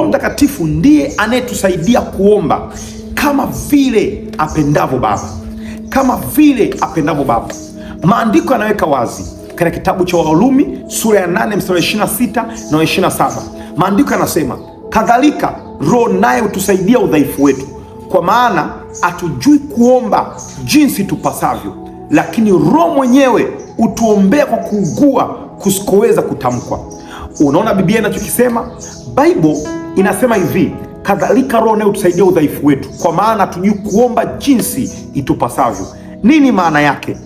Roho Mtakatifu ndiye anayetusaidia kuomba kama vile apendavyo Baba, kama vile apendavyo Baba. Maandiko yanaweka wazi katika kitabu cha Warumi sura ya 8 mstari 26 na 27, maandiko yanasema kadhalika, Roho naye hutusaidia udhaifu wetu, kwa maana hatujui kuomba jinsi tupasavyo, lakini Roho mwenyewe hutuombea kwa kuugua kusikoweza kutamkwa. Unaona Biblia inachokisema Bible inasema hivi kadhalika Roho naye hutusaidia udhaifu wetu, kwa maana tujui kuomba jinsi itupasavyo. Nini maana yake?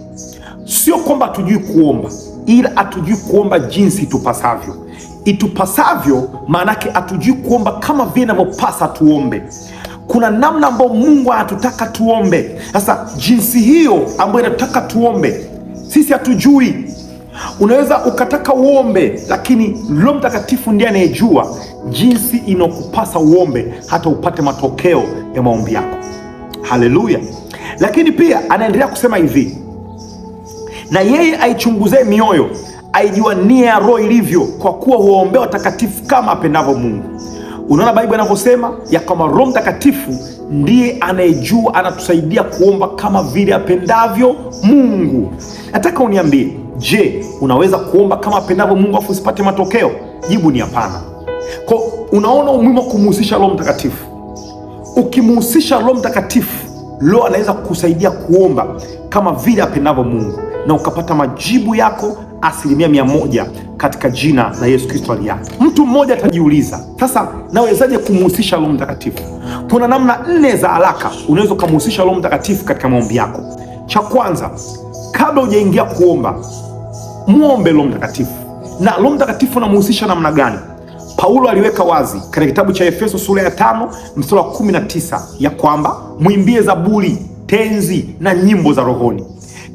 Sio kwamba tujui kuomba, ila hatujui kuomba jinsi itupasavyo. Itupasavyo maanake hatujui kuomba kama vile inavyopasa tuombe. Kuna namna ambayo Mungu anatutaka tuombe. Sasa jinsi hiyo ambayo inatutaka tuombe sisi hatujui. Unaweza ukataka uombe, lakini Roho Mtakatifu ndiye anayejua jinsi inokupasa uombe hata upate matokeo ya maombi yako. Haleluya! Lakini pia anaendelea kusema hivi, na yeye aichunguzee mioyo aijua nia ya roho ilivyo, kwa kuwa huwaombea watakatifu kama apendavyo Mungu. Unaona Biblia anavyosema ya kwamba Roho Mtakatifu ndiye anayejua, anatusaidia kuomba kama vile apendavyo Mungu. Nataka uniambie, je, unaweza kuomba kama apendavyo Mungu afu usipate matokeo? Jibu ni hapana. Kwa unaona umuhimu wa kumuhusisha Roho Mtakatifu. Ukimuhusisha Roho Mtakatifu, Roho anaweza kukusaidia kuomba kama vile apendavyo Mungu na ukapata majibu yako asilimia mia moja katika jina la Yesu Kristo aliye Mtu mmoja atajiuliza sasa, nawezaje kumhusisha Roho Mtakatifu? Kuna namna nne za haraka unaweza ukamhusisha Roho Mtakatifu katika maombi yako. Cha kwanza, kabla hujaingia kuomba, muombe Roho Mtakatifu. Na Roho Mtakatifu unamhusisha namna gani? Paulo aliweka wazi katika kitabu cha Efeso sura ya tano mstari wa tisa ya kwamba mwimbie zaburi, tenzi na nyimbo za rohoni.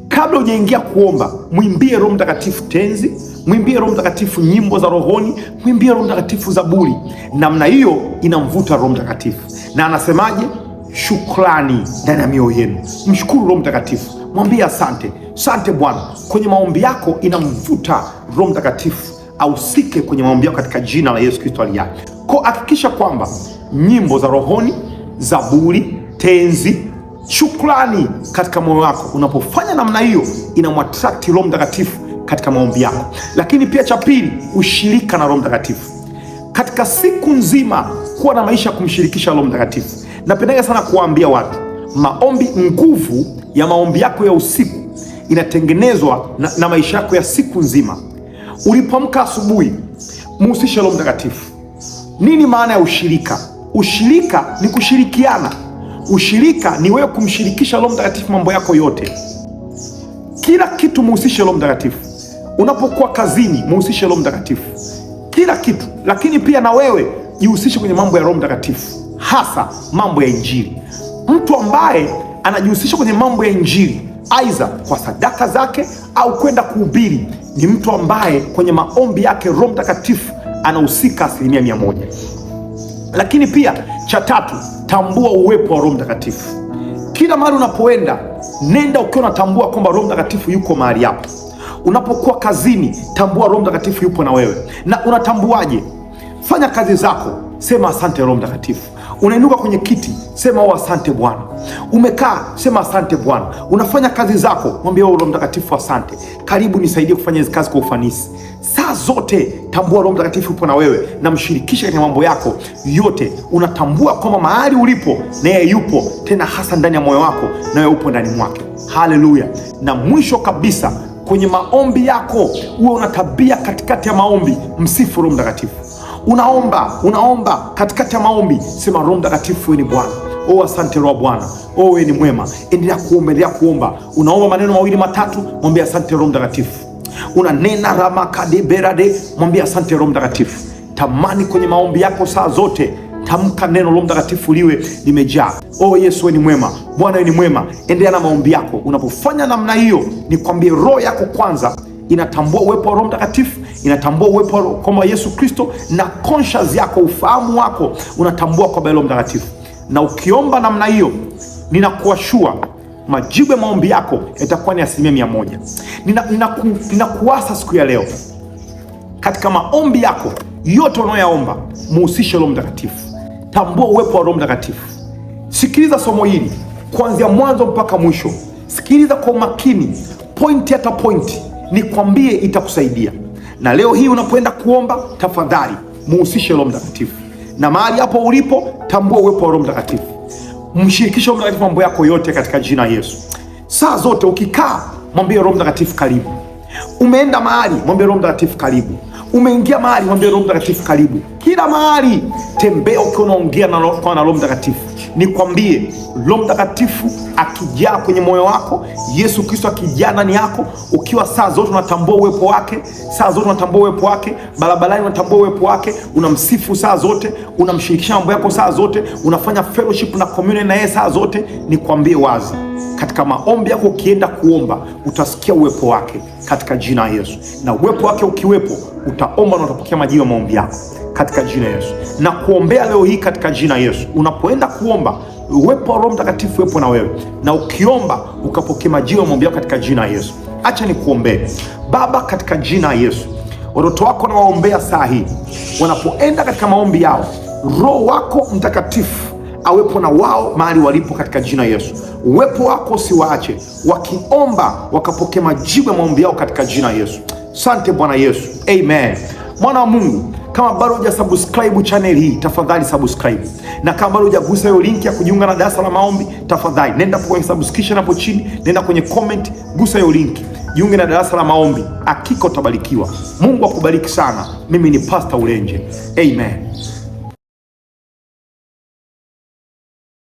Kabla hujaingia kuomba, mwimbie Roho Mtakatifu tenzi, mwimbie Roho Mtakatifu nyimbo za rohoni, mwimbie Roho Mtakatifu zaburi. Namna hiyo inamvuta Roho Mtakatifu. Na anasemaje? Shukrani ndani ya mioyo yenu, mshukuru Roho Mtakatifu, mwambie asante, asante Bwana. Kwenye maombi yako inamvuta Roho Mtakatifu ahusike kwenye maombi yako katika jina la Yesu Kristo aliye yake ko. Hakikisha kwamba nyimbo za rohoni, zaburi, tenzi, shukrani katika moyo wako. Unapofanya namna hiyo, inamwattract Roho Mtakatifu katika maombi yako. Lakini pia cha pili, ushirika na Roho Mtakatifu katika siku nzima, kuwa na maisha ya kumshirikisha Roho Mtakatifu. Napendaga sana kuwaambia watu maombi, nguvu ya maombi yako ya usiku inatengenezwa na, na maisha yako ya siku nzima. Ulipoamka asubuhi, muhusishe Roho Mtakatifu. Nini maana ya ushirika? Ushirika ni kushirikiana. Ushirika ni wewe kumshirikisha Roho Mtakatifu mambo yako yote, kila kitu muhusishe Roho Mtakatifu. Unapokuwa kazini, muhusishe Roho Mtakatifu kila kitu, lakini pia na wewe jihusishe kwenye mambo ya Roho Mtakatifu, hasa mambo ya Injili. Mtu ambaye anajihusisha kwenye mambo ya Injili aidha kwa sadaka zake au kwenda kuhubiri, ni mtu ambaye kwenye maombi yake Roho Mtakatifu anahusika asilimia mia moja. Lakini pia cha tatu, tambua uwepo wa Roho Mtakatifu kila mahali unapoenda. Nenda ukiwa unatambua kwamba Roho Mtakatifu yuko mahali hapo. Unapokuwa kazini, tambua Roho Mtakatifu yupo na wewe. Na unatambuaje? Fanya kazi zako, sema asante Roho Mtakatifu. Unainuka kwenye kiti, sema o, oh, asante Bwana. Umekaa sema asante Bwana, unafanya kazi zako, mwambie Roho Mtakatifu asante, karibu nisaidie kufanya hizi kazi kwa ufanisi. Saa zote tambua Roho Mtakatifu upo na wewe, na mshirikisha katika mambo yako yote. Unatambua kwamba mahali ulipo naye yupo, tena hasa ndani ya moyo wako, na wewe upo ndani mwake. Haleluya! Na mwisho kabisa kwenye maombi yako uwe una tabia katikati ya maombi, msifu Roho Mtakatifu. Unaomba unaomba katikati ya maombi, sema Roho Mtakatifu, wewe ni Bwana Oh, asante Roho Bwana. Oh, wewe ni mwema. Endelea kuomba, endelea kuomba. Unaomba maneno mawili matatu, mwambie asante Roho Mtakatifu. Unanena berade, mwambie asante Roho Mtakatifu. Tamani kwenye maombi yako saa zote Tamka neno Roho Mtakatifu liwe limejaa. Oh Yesu, wewe ni mwema. Bwana, wewe ni mwema. Endelea na maombi yako. Unapofanya namna hiyo, nikwambie, roho yako kwanza inatambua uwepo wa Roho Mtakatifu, inatambua uwepo wa kwamba Yesu Kristo, na conscious yako, ufahamu wako unatambua kwamba Roho Mtakatifu na ukiomba namna hiyo, ninakuashua majibu ya maombi yako yatakuwa ni asilimia mia moja. Ninakuasa nina ku, nina siku ya leo katika maombi yako yote unayoyaomba, muhusishe Roho Mtakatifu. Tambua uwepo wa Roho Mtakatifu. Sikiliza somo hili kuanzia mwanzo mpaka mwisho, sikiliza kwa umakini, pointi hata pointi, nikwambie itakusaidia. Na leo hii unapoenda kuomba, tafadhali muhusishe Roho Mtakatifu na mahali hapo ulipo, tambua uwepo wa Roho Mtakatifu, mshirikishe Roho Mtakatifu mambo yako yote katika jina Yesu. Saa zote ukikaa, mwambie Roho Mtakatifu karibu. Umeenda mahali, mwambie Roho Mtakatifu karibu. Umeingia mahali, mwambie Roho Mtakatifu karibu kila mahali. Tembea ukiwa unaongea na Roho Mtakatifu. Nikwambie, Roho Mtakatifu akijaa kwenye moyo wako, Yesu Kristo akijaa ndani yako, ukiwa saa zote unatambua uwepo wake, saa zote unatambua uwepo wake, barabarani unatambua uwepo wake, unamsifu saa zote, unamshirikisha mambo yako saa zote, unafanya fellowship na communion na yeye saa zote. Nikwambie wazi katika maombi yako, ukienda kuomba utasikia uwepo wake katika jina la Yesu, na uwepo wake ukiwepo, utaomba na utapokea majibu ya maombi yako katika jina Yesu. Na kuombea leo hii katika jina Yesu. Unapoenda kuomba, uwepo wa Roho Mtakatifu wepo na wewe, na ukiomba ukapokea majibu ya maombi yako katika jina Yesu. Acha nikuombee. Baba, katika jina Yesu, watoto wako nawaombea saa hii, wanapoenda katika maombi yao, Roho wako Mtakatifu awepo na wao mahali walipo katika jina Yesu. Uwepo wako usiwaache, wakiomba wakapokea majibu ya maombi yao katika jina Yesu. Sante Bwana Yesu, amen. Mwana wa Mungu, kama bado huja subscribe channel hii, tafadhali subscribe, na kama bado hujagusa hiyo link ya kujiunga na darasa la maombi, tafadhali nenda kwenye subscription hapo chini, nenda kwenye comment, gusa hiyo link, jiunge na darasa la maombi. Hakika utabarikiwa. Mungu akubariki sana. Mimi ni Pastor Ulenje, amen.